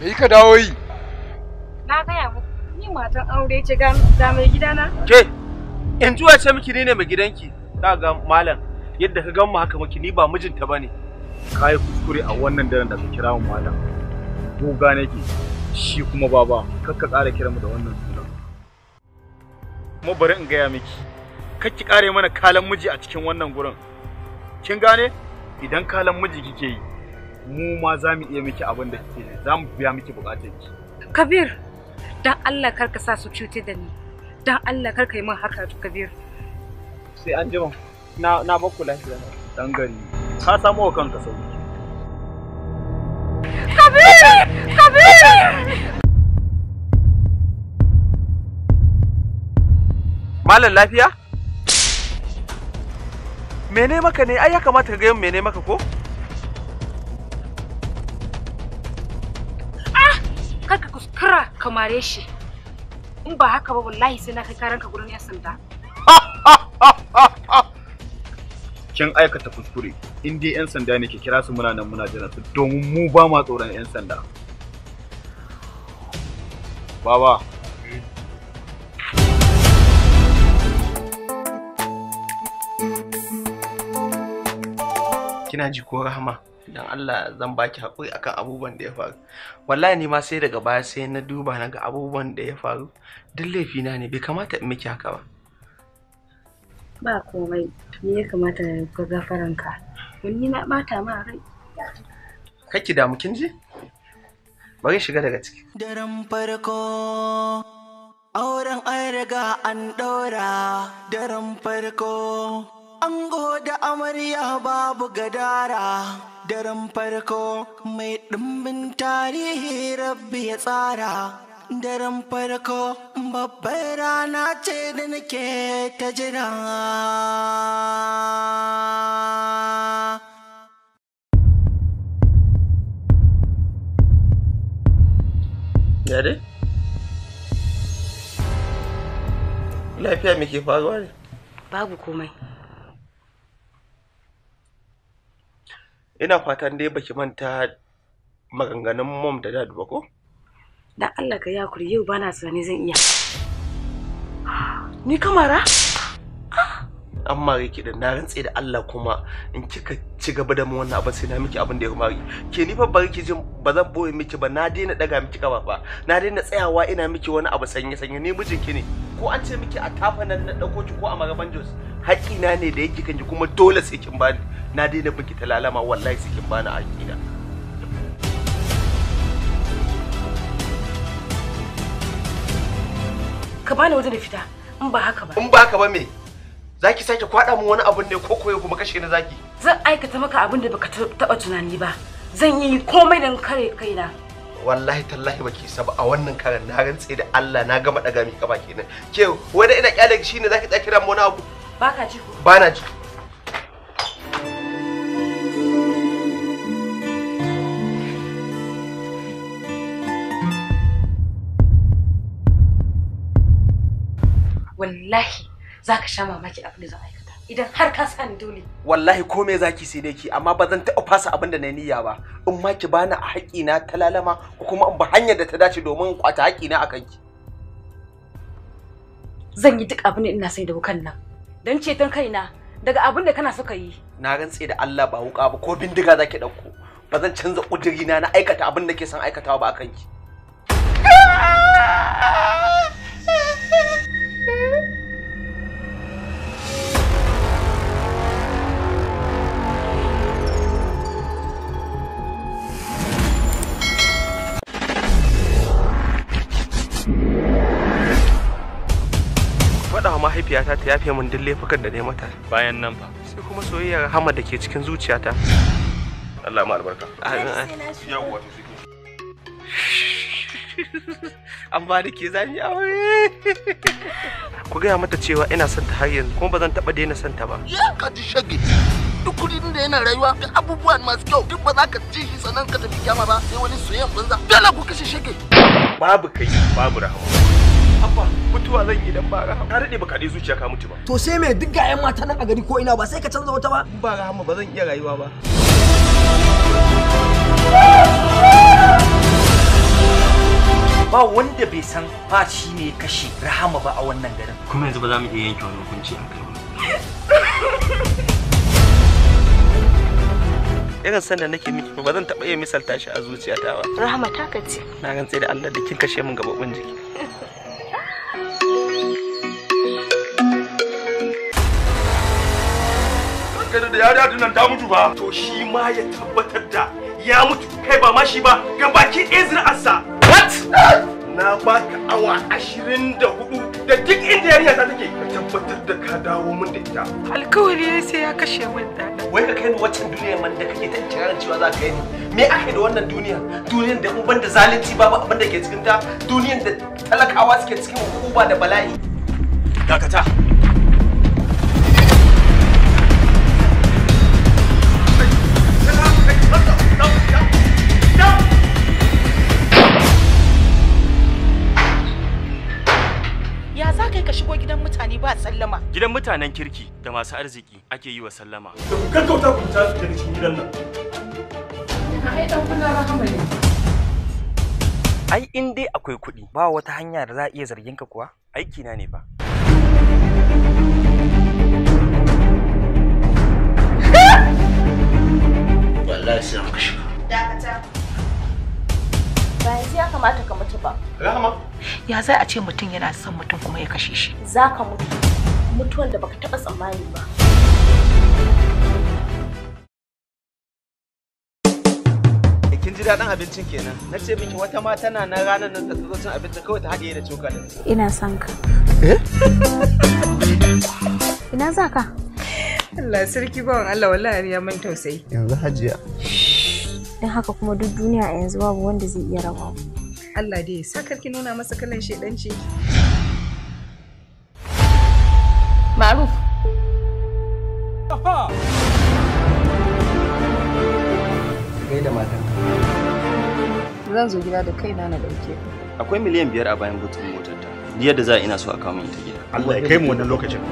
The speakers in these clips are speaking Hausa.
Me yi ka dawo yi? Na gaya muku, ni matan aure ce ga mai gidana. Ke, in zuwa ce miki ne mai gidanki, za ga malam yadda ka gan haka miki ni ba mijinta bane. Ka yi kuskure a wannan daren da ka kira mu malam. Guga nake, shi kuma baba, kar ka ƙara kira mu da wannan sunan. Kuma bari in gaya miki, kar ki ƙare mana kalan miji a cikin wannan gurin. Kin gane? Idan kalan miji kike yi, mu ma za mu iya miki abin da kike za mu biya miki bukatun ki kabir dan Allah kar ka sa su cuce da ni dan Allah kar ka yi min haka kabir sai an jima na na baku lafiya dan gari ka samu wa kanka sauki kabir kabir malam lafiya mene maka ne ai ya kamata ka ga mene maka ko ka mare shi in ba haka ba wallahi sai na kai ka gurin yan sanda kin aikata kuskure in dai yan sanda ne ke kira su muna nan muna jira su domin mu ba ma tsoron yan sanda baba kina ji ko rahama dan Allah zan baki haƙuri akan abubuwan da ya faru wallahi ni ma sai daga baya sai na duba na ga abubuwan da ya faru duk laifi na ne bai kamata in miki haka ba ba komai me ya kamata na ga gafaran ka ni na bata ma rai kake damu kin ji bari shiga daga ciki daren farko Auren an riga an ɗora daren farko ango da amarya babu gadara daren farko mai ɗumbin tarihi rabbi ya tsara daren farko babbar rana ce da nake ta jira yare? lafiya me faruwa ne? babu komai ina fatan dai baki manta maganganun mom da dad ba ko dan Allah ka ya kuri yau bana ne zan iya ni kamara amma yake da na rantse da Allah kuma in kika ci gaba da mu wannan abin sai na miki abin da ya kuma ke ni fa ba ki jin ba zan boye miki ba na daina daga miki kafa ba na daina tsayawa ina miki wani abu sanye sanye ni mijinki ne ko an ce miki a tafa nan na dauko ki ko a magaban jos haƙina ne da yake kanji kuma dole sai kin bani na daina biki ta lalama wallahi sai kin bani haƙina ka bani waje da fita in ba haka ba in ba haka ba me zaki sake kwada mu wani abun ne ko koyo kuma kashe ni zaki zan aikata maka abin da baka taba tunani ba zan yi komai don kare kaina wallahi tallahi baki saba a wannan karan na rantse da Allah na gama daga mi kaba kenan ke wani ina kyale shine zaki tsaya kira mu na abu baka ji ko bana ji wallahi zaka sha mamaki abin da zan yi idan har ka sani dole. Wallahi komai zaki sai dai ki amma ba zan taɓa fasa abin da na niyya ba. In ma ki bani a haƙƙina ta lalama ko kuma in ba hanyar da ta dace domin in kwata na a kanki. Zan yi duk abin da ina sai da wukan nan. Don ceton kaina daga abin da kana suka yi. Na rantse da Allah ba wuka ba ko bindiga zaki ɗauko. Ba zan canza ƙudirina na aikata abin da ke son aikatawa ba a kanki. Ah! mahaifiyata ta yafe min duk laifukan da na yi mata bayan nan ba sai kuma soyayyar hama da ke cikin zuciyata Allah ma albarka ta suke an ba da ke zami aure ku gaya mata cewa ina son ta har yanzu kuma ba zan taɓa daina son ta ba ya ka ji shage duk kudin da yana rayuwa da abubuwan masu kyau duk ba za ka ji shi sannan ka tafi kyama ba sai wani soyayyan banza dole ku kashe shage babu kai babu rahawa Abba, mutuwa zan yi dan ba rahama. Ka daɗe baka ɗaya zuciya ka mutu ba. To sai me duk ga 'yan mata nan a gari ko ina ba sai ka canza wata ba? Ba rahama ba zan iya rayuwa ba. ba wanda bai san faci ne kashe rahama ba a wannan garin kuma yanzu ba za mu iya yanke wani hukunci a kai ba irin sanda nake miki ba zan taɓa iya misalta shi a zuciyata ba rahama ta kace na rantse da Allah da kin kashe min gababin jiki kai da yari ta mutu ba to shi ma ya tabbatar da ya mutu kai ba ma shi ba ga baki izra'arsa what na baka awa ashirin da hudu da duk inda yariya ta take ka tabbatar da ka dawo min da ita alkawari ne sai ya kashe min dada wai ka kai ni waccan duniyar man da kake ta cewa za ka yi ni me aka yi da wannan duniya duniyar da mu banda zalunci babu abin da ke cikin ta duniyar da talakawa suke cikin hukuma da bala'i dakata za ka yi ka shigo gidan mutane ba sallama. Gidan mutanen kirki da masu arziki ake yi wa sallama. Da ku gaggauta ku fita daga cikin gidan nan. Ai dan Ai in dai akwai kuɗi ba wata hanya da za a iya zargin ka kuwa aiki na ne ba. ya za a ce mutum yana son mutum kuma ya kashe shi za ka mutu mutuwan da baka taɓa tsammani ba eh, kin ji daɗin abincin kenan na ce miki wata ma tana na ranar nan ta zo cin abinci kawai ta haɗiye da cokalin ina son ka eh? ina za ka Allah sarki bawan Allah wallahi ya man tausayi yanzu hajiya don haka kuma duk duniya a yanzu babu wanda zai iya rawa mu Allah dai sakar ki nuna masa kalan shedanci Maruf kai da matan Zan zo gida da kaina na dauke Akwai miliyan biyar a bayan butun motar ta diyar da za a ina so a kawo min ta gida Allah ya kai mu wannan lokacin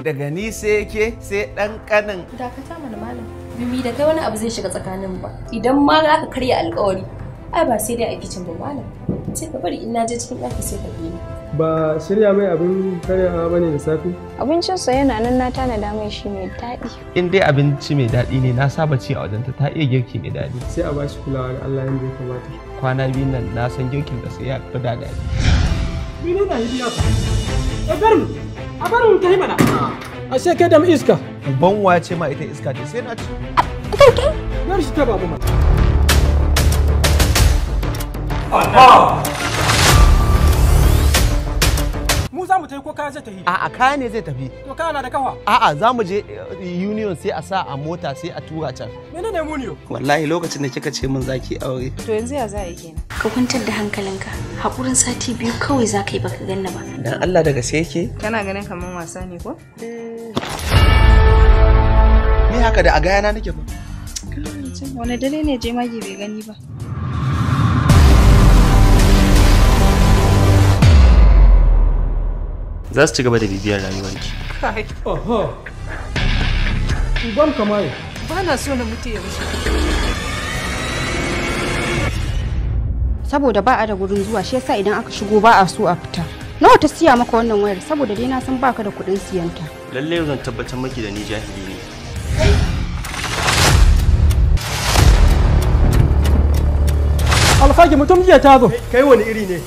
daga ni sai yake sai dan kanin dakata mana malam Bibi da kai wani abu zai shiga tsakanin ba. Idan ma za ka karya alkawari, ai ba sai dai a kicin ba malam. Sai ka bari in na je cikin ɗaki sai ka bi ni. Ba shirya mai abin karyawa bane da safe? sa yana nan na tanada mai shi mai daɗi. In dai abinci mai daɗi ne na saba ci a wajenta ta iya girki mai daɗi. Sai a ba shi kulawa da Allah yadda ya kamata. Kwana biyu nan na san girkin da sai ya fi da daɗi. ne na yi biya ba? A bar mu, a bar mu ta yi mana. A sai kai dam iska. uban ce ma ita iska ce sai na ci kanke yar shi ta babu mata Allah mu za mu tafi ko kaya zai tafi a'a kaya ne zai tafi to kaya na da kawa a'a za mu je eh, union sai a sa a mota sai a tura can mene ne union wallahi lokacin da kika ce min zaki aure to yanzu ya za a yi kenan ka kwantar da hankalinka haƙurin sati biyu kawai za ka yi baka ganna ba dan Allah daga sai yake kana ganin kamar wasa ne ko eh. me haka da a gaya na nake ba wani dare ne je magi bai gani ba za su ci gaba da bibiyar ki. kai oho uban kamar ba na so na mutu yau. saboda ba a da gurin zuwa shi yasa idan aka shigo ba a so a fita nawa ta siya maka wannan wayar saboda dai na san baka da kuɗin siyanta lalle zan tabbatar maki da ni jahili alfaki mutum jiya ta zo kai wani iri ne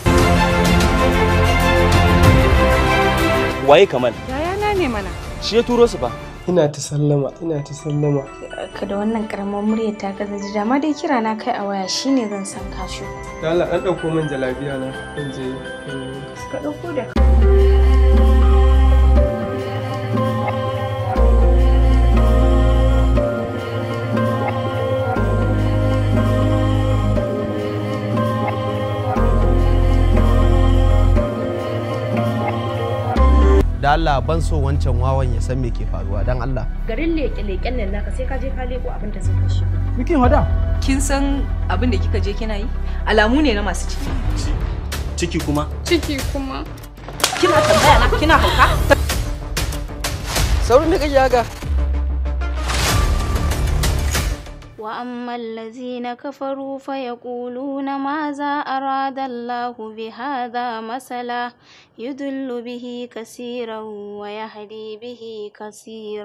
waye kamal yayana ne mana shi ya turo su ba ina ta sallama ina ta sallama ka da wannan karamar murya ta ka zaji dama dai kira na kai a waya shine zan san kashu da Allah dan dauko min jalabiya na zan je ka dauko da da Allah ban so wancan wawan ya san me ke faruwa dan Allah garin leke-leken nan naka sai ka je ka leko abin da zai kashe Mikin hada kin san abin da kika je kina yi alamu ne na masu ciki ciki kuma ciki kuma kina tambaya na kina hauka saurin da kake haka وأما الذين كفروا فيقولون ماذا أراد الله بهذا مثلا يدل به كثيرا ويهدي به كثيرا